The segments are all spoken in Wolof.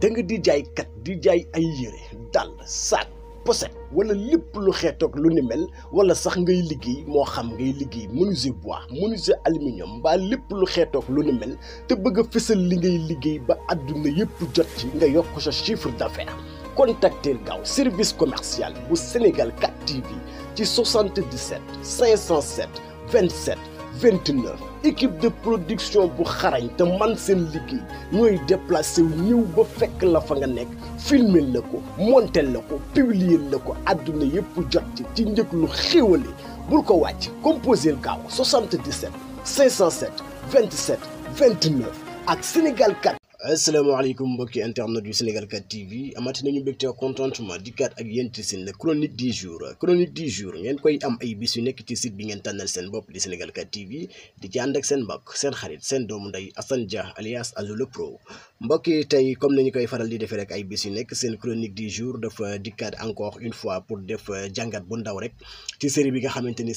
da nga di jaay kat di jaay ay yére dàll saak poset wala lépp lu xeetoog lu ni mel wala sax ngay liggéey moo xam ngay liggéey menuisier bois menuisier aluminium mbaa lépp lu xeetoog lu ni mel te bëgg fësal li ngay liggéey ba àdduna yépp jot ci nga yokk sa chiffre d'affaires contacteel gaaw service commercial bu Sénégal 4 TV ci 77 507 27 29 équipe de production bu xarañ te man seen liggéey ñooy déplacé wu ñëw ba fekk la fa nga nekk filmer la ko monter la ko publier la ko àdduna yëpp jot ci ci njëg lu xéwale bul ko wàcc composé gaaw 77 507 27 ak Sénégal asalaamaaleykum mbokki internet yu Sénégal 4 TV amati nañu mbégte contentement dikkaat ak yéen ci seen chronique du jour chronique du jour ngeen koy am ay bis yu nekk ci site bi ngeen tànnal seen bopp di Sénégal 4 TV di ci ak seen mbokk seen xarit seen doomu ndey Assane Dia alias Azou le Pro mbokk tay comme faral di rek chronique du jour dafa encore une fois pour def euh, jangat bu série bi nga xamanteni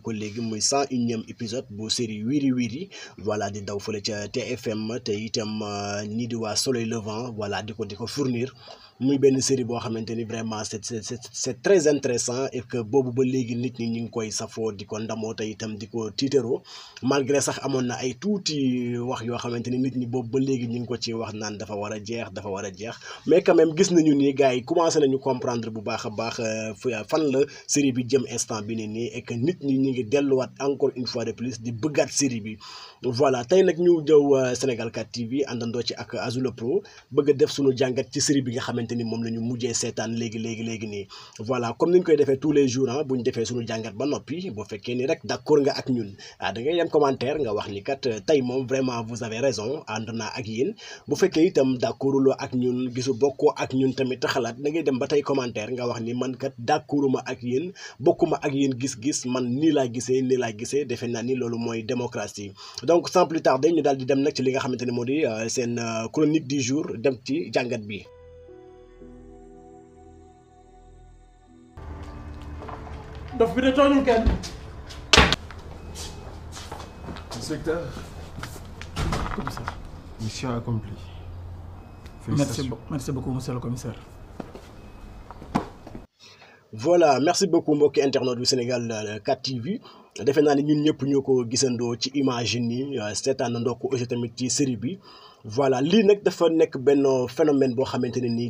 ko épisode bu série Wiri Wiri voilà di ndaw fele TFM tay itam ni euh, Soleil Levant voilà diko diko fournir muy benn série boo xamante ni vraiment c'est c'est c'est très intéressant et que boobu ba léegi nit ñi ñu ngi koy safoo di ko ndamoo te itam di ko tiitaroo malgré sax amoon na ay tuuti wax yoo xamante ni nit ñi boobu ba léegi ñu ngi ko ci wax naan dafa war a jeex dafa war a jeex mais quand même gis nañu ni gars yi commencé nañu comprendre bu baax a baax euh, fan la série bi jëm instant bi ni nii et que nit ñi ñu ngi delluwaat encore une fois de plus di bëggaat série bi voilà tey nag ñu jëw euh, Sénégal 4 TV àndandoo ci ak Azul Pro bëgg def suñu jàngat ci série bi nga xamante xamante ni moom la ñu mujjee seetaan léegi léegi léegi nii voilà comme ni ñu koy defee tous les jours ah bu ñu defee suñu jàngat ba noppi bu fekkee ni rek d'accord nga ak ñun ah da ngay dem commentaire nga wax ni kat euh, tey moom vraiment vous avez raison ànd naa ak yéen bu fekkee itam d'accorduloo ak ñun gisu bokkoo ak ñun tamit xalaat da ngay dem ba tey commentaire nga wax ni man kat d'accorduma ak yéen bokkuma ak yéen gis-gis man nii laa gisee nii laa gisee defe naa ni loolu mooy démocratie donc sans plus tarder ñu daal di dem nag ci li nga xamante ne moo di euh, seen euh, chronique du jour dem ci jàngat bi dof bi de tooñul kenn. inspecteur. commissaire. mission accomplie. Merci, merci beaucoup monsieur le commissaire. voilà merci beaucoup mbok Internet du Sénégal 4 euh, TV defe naa ni ñun ñëpp ñoo ko gisandoo ci image ni nii euh, seetaan na ndokk aussi tamit ci série bi voilà li qui dafa nek phénomène bo xamanteni ni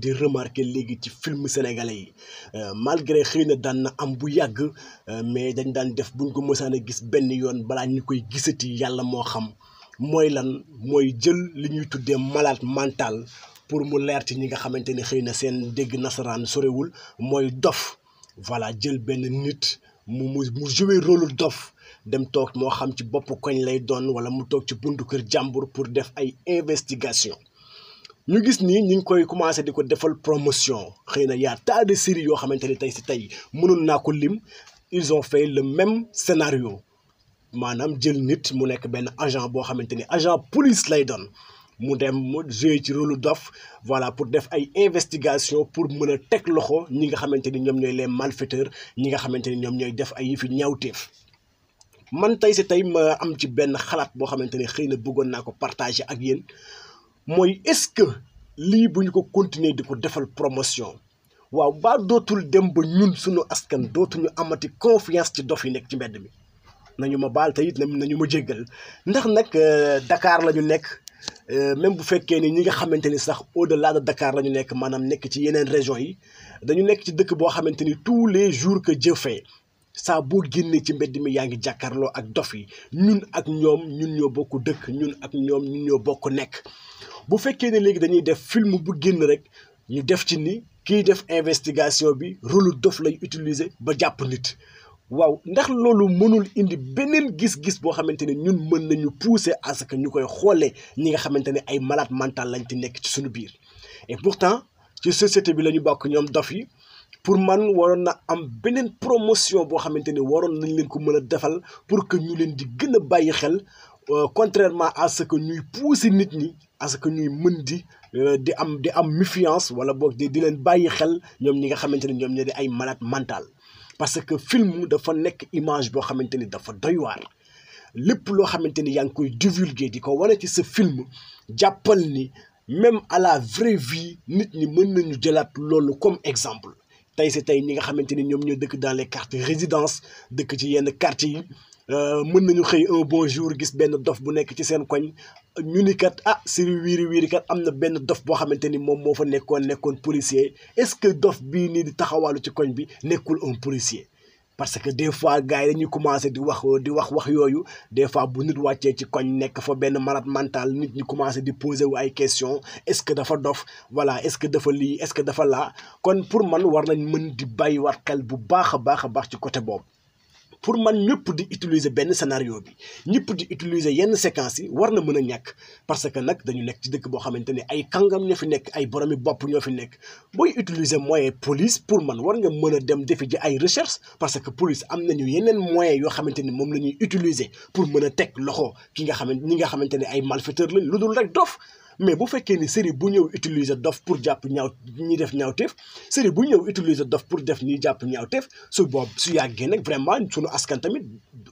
di remarquer légui ci film sénégalais euh, malgré xeyna na na am bu euh, mais dañ dan def buñ ko gis ben koy lan li mental pour mu lert ñi nga de dégg sorewul Moy dof voilà jël ben nit mu jouer dem toog moo xam ci bopp koñ lay doon wala mu toog ci buntu kër jàmbur pour def ay investigation ñu gis ni ñu ngi koy commencé di ko defal promotion xëy na yaa tas de série yoo xamante ni tey si tey mënoon naa ko lim ils ont fait le même scénario maanaam jël nit mu nekk benn agent boo xamante ni agent police lay doon mu dem mu joué ci rôle dof voilà pour def ay investigation pour mën a teg loxo ñi nga xamante ni ñoom ñooy les malfaiteurs ñi nga xamante ni ñoom ñooy def ay yëfi ñaawteef man tey si tey ma am ci ben xalaat bo xamanteni xeyna bëggon nako partager ak yeen moy est-ce que lii bu ko continuer diko defal promotion waaw ba dootul dem ba ñun suñu askan dootuñu amati confiance ci dof yi nek ci mbedd mi nañu ma bal tayit nañu ma jéggal ndax nak euh, Dakar lañu nek euh, même bu fekkee ni ñi nga xamante ni sax au-delà de Dakar lañu nek nekk maanaam nekk ci yeneen région yi dañu nekk ci dëkk boo xamante ni tous les jours que Dieu saa boo génnee ci mbedd mi yaa ngi jàkkaarloo ak dof yi ñun ak ñoom ñun ñoo bokk dëkk ñun ak ñoom ñun ñoo bokk nekk bu fekkee ne léegi dañuy def film bu génn rek ñu def ci ni kiy def investigation bi rôle dof lay utiliser ba jàpp nit waaw ndax loolu mënul indi beneen gis-gis boo xamante ne ñun mën nañu pousser à que ñu koy xoolee ñi nga xamante ne ay malade mental lañ ti nekk ci suñu biir et pourtant ci société bi la ñu bokk ñoom dof yi pour man waroon na am benen promotion bo xamanteni waron nañ leen ko mën defal pour que ñu leen di gëna bayyi xel euh, contrairement à ce que ñuy pousser nit ñi à ce que ñuy mën di euh, di am di am méfiance wala boog di di leen bayyi xel ñom ñi nga xamanteni ñom ñi di ay malade mental parce que film dafa nek image bo xamanteni dafa doy waar lépp loo xamante ni koy divulguer diko ko ci ce film jàppal ni même à la vraie vie nit ñi mën nañu jëlat loolu comme exemple tey si tey ñi nga xamanteni ñom ñoom ñoo dëkk dans les quartiers résidence dëkk ci yenn quartier yi euh, mën nañu xëy un bonjour gis benn dof bu nekk ci seen koñ ñu ni kat ah sir wiri wiri kat am na benn dof boo xamante ni moom moo fa nekkoon nekkoon policier est-ce que dof bii nii di taxawaalu ci koñ bi nekkul un policier parce que des fois gars dañuy commencer di wax di wax wax yoyu des fois bu nit wàccee ci koñ nek fa ben malade mental nit ñi commencer di poser wu ay question est-ce que dafa dof voilà est-ce que dafa li est-ce que dafa la kon pour man war nañ mën di bàyyiwaat xel bu baax a baax ci côté boobu pour man ñëpp di utiliser ben scénario bi ñëpp di utiliser yenn séquence yi war na mën a ñàkk parce que nag dañu nekk ci dëkk boo xamante ne ay kangam ñoo fi nekk ay boromi bopp ñoo fi nekk booy utiliser moyen police pour man war nga mën a dem defi ji ay recherche parce que police am nañu yeneen moyen yoo xamante ni moom la ñuy utiliser pour mën a teg loxo ki nga xamante ñi nga xamante ne ay malfaiteur lañ lu dul rek dof mais bu fekkee ni série bu ñëw utiliser dof pour jàpp ñaaw ñi def ñaawteef série bu ñëw utiliser dof pour def ñi jàpp ñaawteef su boobu su yàggee nag vraiment sunu askan tamit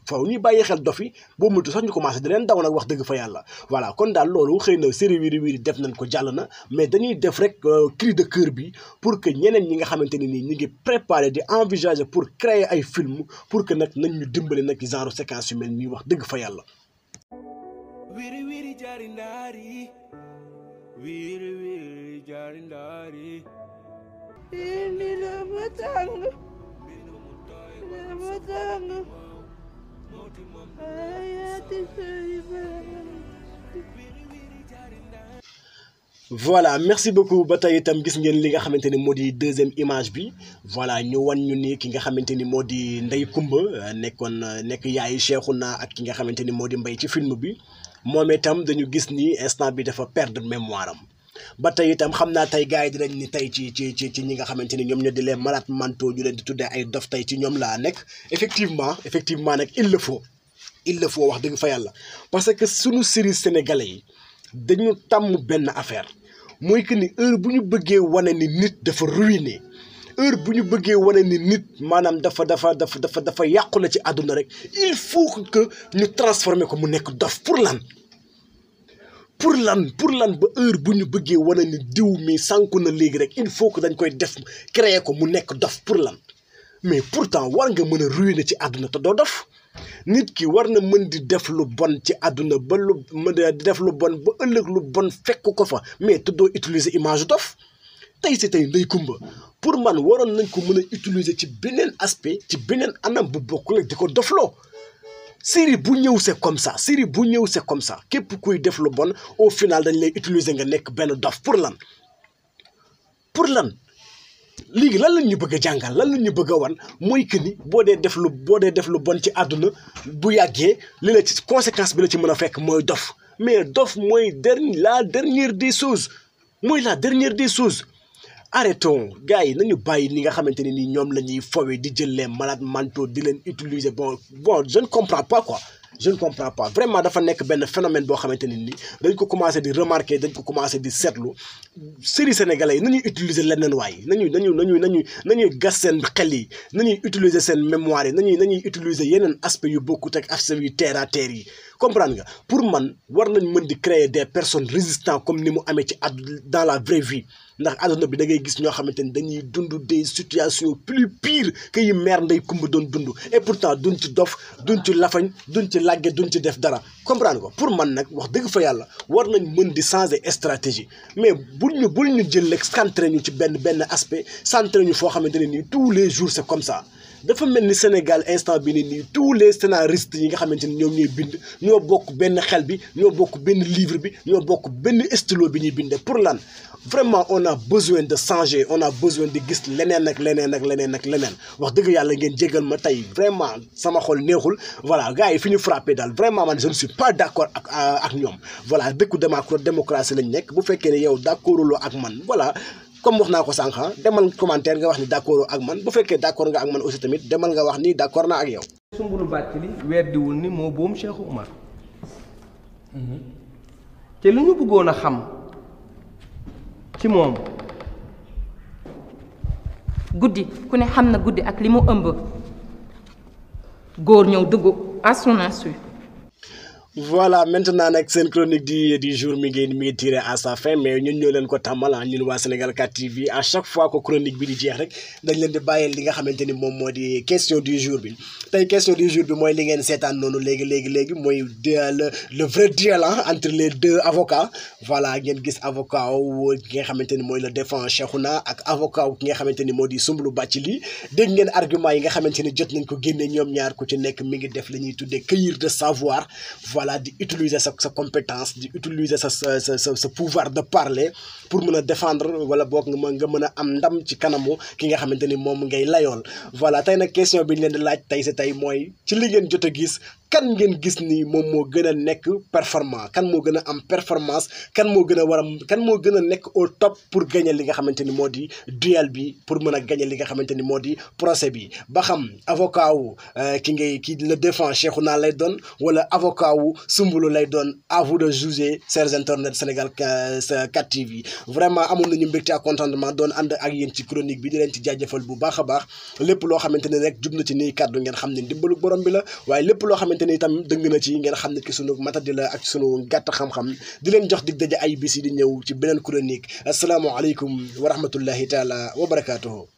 faw ñu bàyyi xel dof yi boo multu sax ñu commencé di leen daw nag wax dëgg fa yàlla voilà kon daal loolu xëy na série Wiri Wiri def nañ ko jàll na mais dañuy def rek euh, cri de cœur bi pour que ñeneen ñi nga xamante ne nii ñu ngi préparer di envisager pour créer ay film pour que nag nañ ñu dimbali nag genre séquence yu mel nii wax dëgg fa yàlla wiri wiri jari ndari wiiri wiiri jaari ndaari ini dama tàng dama tàng ayati sëri voilà merci beaucoup ba Tam gis ngeen li nga xamante ni deuxième image bi voilà ñu wan ñu ni ki nga xamante ni moo Kumba nekkon nek yaay nekk Cheikhouna ak ki nga xamante ni Mbay ci film bi moom itam dañu gis ni instant bi dafa perdre mémoire am ba tey itam xam naa tey gars yi dinañ ni tey ci ci ci ci ñi nga xamante ni ñoom ñoo di les malade mentaux ñu leen di tuddee ay dof tey ci ñoom laa nekk effectivement effectivement nag il le faut il le faut wax dëgg fa yàlla parce que suñu série sénégalais yi dañu tàmm benn affaire mooy que ni heure bu ñu bëggee wane ni nit dafa ruiné heure bu ñu bëggee wane ni nit maanaam dafa dafa dafa dafa dafa yàqu la ci àdduna rek il faut que ñu transformer ko mu nekk dof pour lan pour lan pour lan ba heure bu ñu bëggee wane ni diw mi sànku na léegi rek il faut que dañ koy def créer ko mu nekk dof pour lan mais pourtant war nga mën a ruiner ci àdduna te doo dof nit ki war na mën di def lu bon ci àdduna ba lu mën di def lu bon ba ëllëg lu bon fekk ko fa mais te doo utiliser image dof tey si tey ndey kumba pour man waron nañ ko mën utiliser ci benen aspect ci benen anam bu bokul diko doflo dofloo bu ñew c'est comme ça série bu ñew c'est comme ça kep kuy def lu bon au final dañ lay utiliser nga nek benn dof pour lan pour lan léegi lan lañ ñu bëgg a jàngal lan lañ ñu bëgg a wan mooy que ni bo dé def lu bo dé def lu bon ci aduna bu yagge li la ci conséquence bi la ci mën fekk moy dof mais dof moy dernier la dernière des choses moy la dernière des choses arrêtons gars yi nañu bàyyi li nga xamanteni ni ñom lañuy ñuy di jël les malades mentaux di leen utiliser bon bon je ne comprends pas quoi je ne comprends pas vraiment dafa nek ben phénomène bo xamanteni ni dañ ko commencé di remarquer dañ ko commencé di setlu série sénégalais yi nañuy utiliser leneen waay nañuy nañu nañuy nañu nañu gas seen xel yi nañuy utiliser sen mémoire nañu nañu utiliser yenen aspect yu bokkut ak aspect yu terre à terre yi comprendre nga pour man war nañ mën di créer des personnes résistantes comme ni mu amé ci dans la vraie vie ndax àdduna bi da ngay gis ño xamanteni dañuy dund des situations plus pires que yi meer ndey kumb doon dund et pourtant duñ ci dof duñ ci lafañ duñ ci làgge duñ ci def dara comprendre ko pour man nak wax deug fa yalla war nañ mën di changer stratégie mais bul ñu bul ñu jël l'excentrer, ñu ci benn benn aspect centrer ñu foo xamanteni tous les jours c'est comme ça dafa mel ni Sénégal instant bi ni nii tous les scénaristes yi nga xamante ni ñoom ñooy bind ñoo bokk benn xel bi ñoo bokk benn livre bi ñoo bokk benn stylo bi ñuy binde pour lan vraiment on a besoin de changer on a besoin de gis leneen ak leneen ak leneen ak leneen wax dëgg yàlla ngeen jégal ma tey vraiment sama xol neexul voilà gars yi fi ñu frappé daal vraiment man je ne suis pas d' accord ak euh, ak ñoom voilà dëkku démocratie lañ nekk bu fekkee ne yow d' accorduloo ak man voilà comme wax naa ko sànq ah, demal commentaire nga wax ni d'accord ak man bu fekkee d'accord nga ak man aussi tamit demal nga wax ni d'accord naa ak yow. Soumboulou Bathily weddiwul ni moo boom Cheikh Oumar mhm. te lu ñu bëggoon a xam ci moom. guddi ku ne xam na guddi ak li mu ëmb góor ñëw dugg à son voilà maintenant nag seen chronique du du jour mi ngi mi ngi tiré à sa fin mais ñun ñoo leen ko tàmmal ah, ñun wa Sénégal 4 TV à chaque fois que chronique bi di jeex rek dañ leen di bayel li nga xamante mom modi question du jour bi tay question du jour bi moy li ngeen seetaan noonu légui légui légui moy euh, le le vrai duel ah, entre les deux avocats voilà ngeen gis avocat wu ki nga xamante moy le défense Cheikhouna ak avocat wu nga xamante modi moo di Soumboulou ngeen argument yi nga xamante ni jot nañ ko génne ñom ñaar ku ci nekk mi ngi def lañuy ñuy tuddee cueillir de savoir voilà voilà di sa sa compétence d'utiliser utiliser sa sa sa sa pouvoir de parler pour me a défendre wala boog nga mën nga mën am ndam ci kanamu ki nga xamanteni mom ngay layool. voilà tey nag question bi len leen di laaj tay si tay moy ci li ngeen jotta gis kan ngeen gis ni moom moo gën a nekk performant kan moo gën a am performance kan moo gën a war a kan moo gën a nekk au top pour gagner li nga xamante ni moo di duel bi pour mën a gagner li nga xamante ni moo di procès bi ba xam avocat wu euh, ki ngay ki le défend naa lay doon wala avocat wu Soumboulou lay doon à vous de juger chers internautes Sénégal 4 euh, TV vraiment amoon nañu mbégte ak contentement doon ànd ak yéen ci chronique bi di leen ci jaajëfal bu baax a baax lépp loo xamante rek jub na ci nii kàddu ngeen xam ne ndimbalu borom bi la xamante ni itam dëng na ci ngeen xam ne ki sunu matadi la ak sunu gàtt xam-xam di leen jox dig daje ay bis yi di ñëw ci beneen chronique asalaamaaleykum wa rahmatullahi taala wa